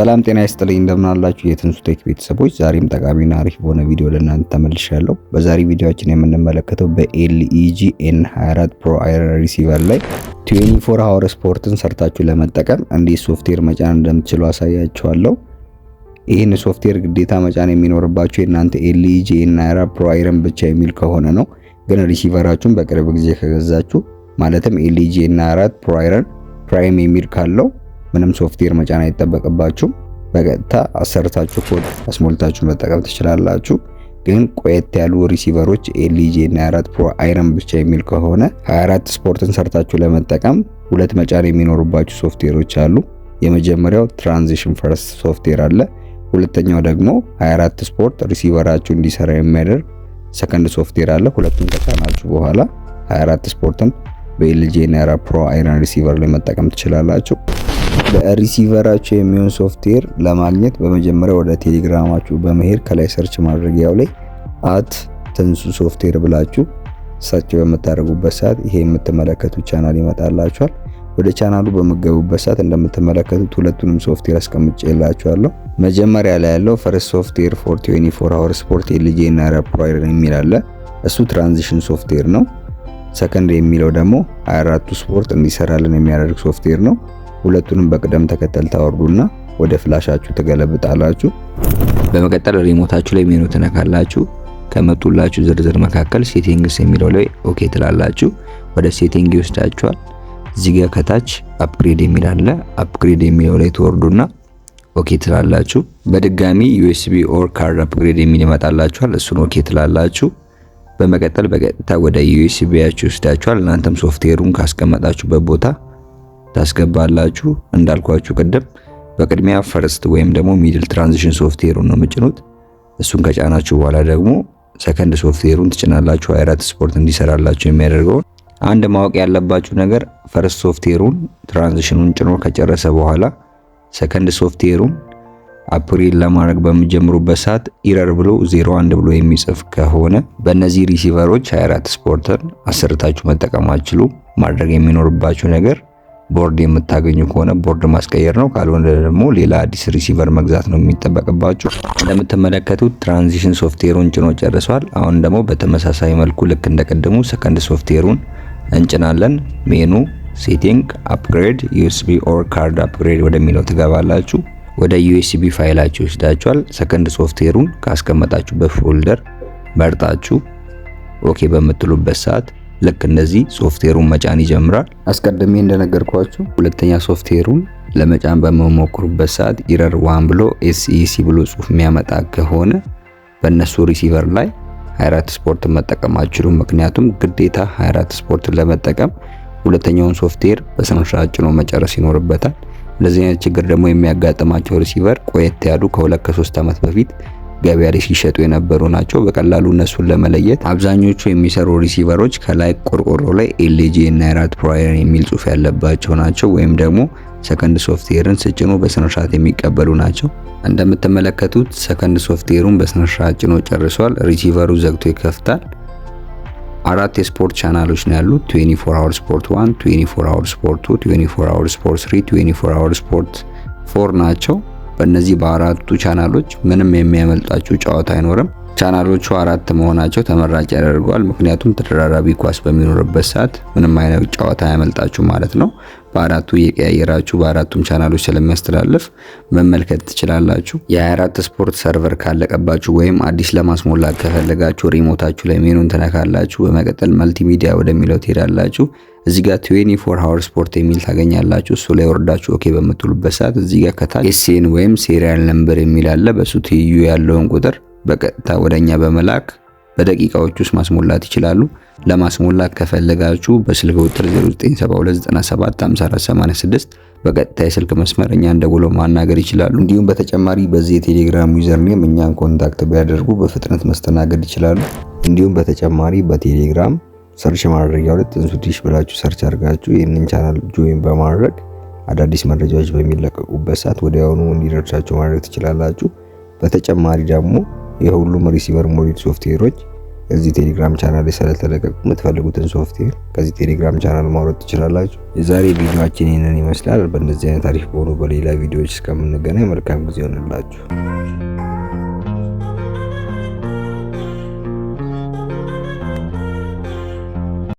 ሰላም ጤና ይስጥልኝ እንደምናላችሁ የትንሱ ቴክ ቤተሰቦች፣ ዛሬም ጠቃሚና አሪፍ በሆነ ቪዲዮ ለእናንተ ተመልሻለሁ። በዛሬ ቪዲዮአችን የምንመለከተው በኤልኢጂ ኤን 24 ፕሮ አይረን ሪሲቨር ላይ 24 ሀወር ስፖርትን ሰርታችሁ ለመጠቀም እንዴት ሶፍትዌር መጫን እንደምትችሉ አሳያችኋለሁ። ይህን ሶፍትዌር ግዴታ መጫን የሚኖርባችሁ የእናንተ ኤልኢጂ ኤን 24 ፕሮ አይረን ብቻ የሚል ከሆነ ነው። ግን ሪሲቨራችሁን በቅርብ ጊዜ ከገዛችሁ ማለትም ኤልኢጂ ኤን 24 ፕሮ አይረን ፕራይም የሚል ካለው ምንም ሶፍትዌር መጫን አይጠበቅባችሁም። በቀጥታ አሰርታችሁ ኮድ አስሞልታችሁ መጠቀም ትችላላችሁ። ግን ቆየት ያሉ ሪሲቨሮች ኤልጂ እና 24 ፕሮ አይረን ብቻ የሚል ከሆነ 24 ስፖርትን ሰርታችሁ ለመጠቀም ሁለት መጫን የሚኖርባችሁ ሶፍትዌሮች አሉ። የመጀመሪያው ትራንዚሽን ፈርስት ሶፍትዌር አለ። ሁለተኛው ደግሞ 24 ስፖርት ሪሲቨራችሁ እንዲሰራ የሚያደርግ ሰከንድ ሶፍትዌር አለ። ሁለቱን ከጫናችሁ በኋላ 24 ስፖርትን በኤልጂ እና 24 ፕሮ አይረን ሪሲቨር ለመጠቀም ትችላላችሁ። ለሪሲቨራቸው የሚሆን ሶፍትዌር ለማግኘት በመጀመሪያ ወደ ቴሌግራማችሁ በመሄድ ከላይ ሰርች ማድረጊያው ላይ አት ትንሱ ሶፍትዌር ብላችሁ ሰርች በምታደርጉበት ሰዓት ይሄ የምትመለከቱት ቻናል ይመጣላችኋል። ወደ ቻናሉ በምገቡበት ሰዓት እንደምትመለከቱት ሁለቱንም ሶፍትዌር አስቀምጬላችኋለሁ። መጀመሪያ ላይ ያለው ፈርስት ሶፍትዌር ፎር 24 አወር ስፖርት ኤልጄ እና ፕሮይደር የሚል አለ። እሱ ትራንዚሽን ሶፍትዌር ነው። ሰከንድ የሚለው ደግሞ 24ቱ ስፖርት እንዲሰራልን የሚያደርግ ሶፍትዌር ነው። ሁለቱንም በቅደም ተከተል ታወርዱና ወደ ፍላሻችሁ ትገለብጣላችሁ። በመቀጠል ሪሞታችሁ ላይ ሜኑ ትነካላችሁ። ከመጡላችሁ ዝርዝር መካከል ሴቲንግስ የሚለው ላይ ኦኬ ትላላችሁ። ወደ ሴቲንግ ይወስዳችኋል። እዚህ ጋር ከታች አፕግሬድ የሚል አለ። አፕግሬድ የሚለው ላይ ትወርዱና ኦኬ ትላላችሁ። በድጋሚ ዩኤስቢ ኦር ካርድ አፕግሬድ የሚል ይመጣላችኋል። እሱን ኦኬ ትላላችሁ። በመቀጠል በቀጥታ ወደ ዩኤስቢያችሁ ይወስዳችኋል። እናንተም ሶፍትዌሩን ካስቀመጣችሁበት ቦታ ታስገባላችሁ። እንዳልኳችሁ ቅድም በቅድሚያ ፈርስት ወይም ደግሞ ሚድል ትራንዚሽን ሶፍትዌሩን ነው የምጭኑት። እሱን ከጫናችሁ በኋላ ደግሞ ሰከንድ ሶፍትዌሩን ትጭናላችሁ። አይራት ስፖርት እንዲሰራላችሁ የሚያደርገውን አንድ ማወቅ ያለባችሁ ነገር ፈርስት ሶፍትዌሩን ትራንዚሽኑን ጭኖ ከጨረሰ በኋላ ሰከንድ ሶፍትዌሩን አፕሪል ለማድረግ በሚጀምሩበት ሰዓት ኢረር ብሎ 01 ብሎ የሚጽፍ ከሆነ በእነዚህ ሪሲቨሮች 24 ስፖርተን አሰርታችሁ መጠቀም አትችሉ። ማድረግ የሚኖርባችሁ ነገር ቦርድ የምታገኙ ከሆነ ቦርድ ማስቀየር ነው። ካልሆነ ደግሞ ሌላ አዲስ ሪሲቨር መግዛት ነው የሚጠበቅባችሁ። እንደምትመለከቱት ትራንዚሽን ሶፍትዌሩን ጭኖ ጨርሷል። አሁን ደግሞ በተመሳሳይ መልኩ ልክ እንደቀድሙ ሰከንድ ሶፍትዌሩን እንጭናለን። ሜኑ ሴቲንግ፣ አፕግሬድ ዩኤስቢ ኦር ካርድ አፕግሬድ ወደሚለው ትገባላችሁ። ወደ ዩኤስቢ ፋይላችሁ ይወስዳችኋል። ሰከንድ ሶፍትዌሩን ካስቀመጣችሁበት ፎልደር መርጣችሁ ኦኬ በምትሉበት ሰዓት ልክ እንደዚህ ሶፍትዌሩን መጫን ይጀምራል። አስቀድሜ እንደነገርኳችሁ ሁለተኛ ሶፍትዌሩን ለመጫን በምሞክሩበት ሰዓት ኢረር ዋን ብሎ ኤስኢሲ ብሎ ጽሁፍ የሚያመጣ ከሆነ በእነሱ ሪሲቨር ላይ 24 ስፖርት መጠቀም አችሉም። ምክንያቱም ግዴታ 24 ስፖርት ለመጠቀም ሁለተኛውን ሶፍትዌር በስነ ስርዓት ጭኖ መጨረስ ይኖርበታል። እንደዚህ አይነት ችግር ደግሞ የሚያጋጥማቸው ሪሲቨር ቆየት ያሉ ከሁለት ከሶስት ዓመት በፊት ገበያ ላይ ሲሸጡ የነበሩ ናቸው። በቀላሉ እነሱን ለመለየት አብዛኞቹ የሚሰሩ ሪሲቨሮች ከላይ ቆርቆሮ ላይ ኤልጂ እና ራት ፕሮቫይደር የሚል ጽሑፍ ያለባቸው ናቸው ወይም ደግሞ ሰከንድ ሶፍትዌርን ስጭኖ በስነ የሚቀበሉ ናቸው። እንደምትመለከቱት ሰከንድ ሶፍትዌሩን በስነ ጭኖ ጨርሷል። ሪሲቨሩ ዘግቶ ይከፍታል። አራት የስፖርት ቻናሎች ነው ያሉት 24 አወር ስፖርት 1፣ 24 አወር ስፖርት 2፣ 24 አወር ስፖርት 3፣ 24 አወር ስፖርት 4 ናቸው። በእነዚህ በአራቱ ቻናሎች ምንም የሚያመልጣችሁ ጨዋታ አይኖርም። ቻናሎቹ አራት መሆናቸው ተመራጭ ያደርገዋል። ምክንያቱም ተደራራቢ ኳስ በሚኖርበት ሰዓት ምንም አይነት ጨዋታ አያመልጣችሁ ማለት ነው። በአራቱ የቀያየራችሁ በአራቱም ቻናሎች ስለሚያስተላልፍ መመልከት ትችላላችሁ። የ24 ስፖርት ሰርቨር ካለቀባችሁ ወይም አዲስ ለማስሞላት ከፈለጋችሁ ሪሞታችሁ ላይ ሜኑን ተነካላችሁ። በመቀጠል መልቲሚዲያ ወደሚለው ትሄዳላችሁ። እዚህ ጋር 24 ሃወር ስፖርት የሚል ታገኛላችሁ። እሱ ላይ ወርዳችሁ ኦኬ በምትሉበት ሰዓት እዚህ ጋር ከታች ኤስኤን ወይም ሴሪያል ነምበር የሚል አለ። ትዩ ትይዩ ያለውን ቁጥር በቀጥታ ወደኛ በመላክ በደቂቃዎች ውስጥ ማስሞላት ይችላሉ። ለማስሞላት ከፈለጋችሁ በስልክ ቁጥር 0972975486 በቀጥታ የስልክ መስመር እኛን ደውለው ማናገር ይችላሉ። እንዲሁም በተጨማሪ በዚህ የቴሌግራም ዩዘርኔም እኛን ኮንታክት ቢያደርጉ በፍጥነት መስተናገድ ይችላሉ። እንዲሁም በተጨማሪ በቴሌግራም ሰርች ማድረጊያ ሁለት እንሱዲሽ ብላችሁ ሰርች አድርጋችሁ ይህንን ቻናል ጆይን በማድረግ አዳዲስ መረጃዎች በሚለቀቁበት ሰዓት ወዲያውኑ እንዲደርሳችሁ ማድረግ ትችላላችሁ። በተጨማሪ ደግሞ የሁሉም ሪሲቨር ሞዴል ሶፍትዌሮች እዚህ ቴሌግራም ቻናል ላይ ስለተለቀቁ የምትፈልጉትን ሶፍትዌር ከዚህ ቴሌግራም ቻናል ማውረድ ትችላላችሁ። የዛሬ ቪዲዮችን ይህንን ይመስላል። በእንደዚህ አይነት አሪፍ በሆኑ በሌላ ቪዲዮዎች እስከምንገናኝ መልካም ጊዜ ይሆንላችሁ።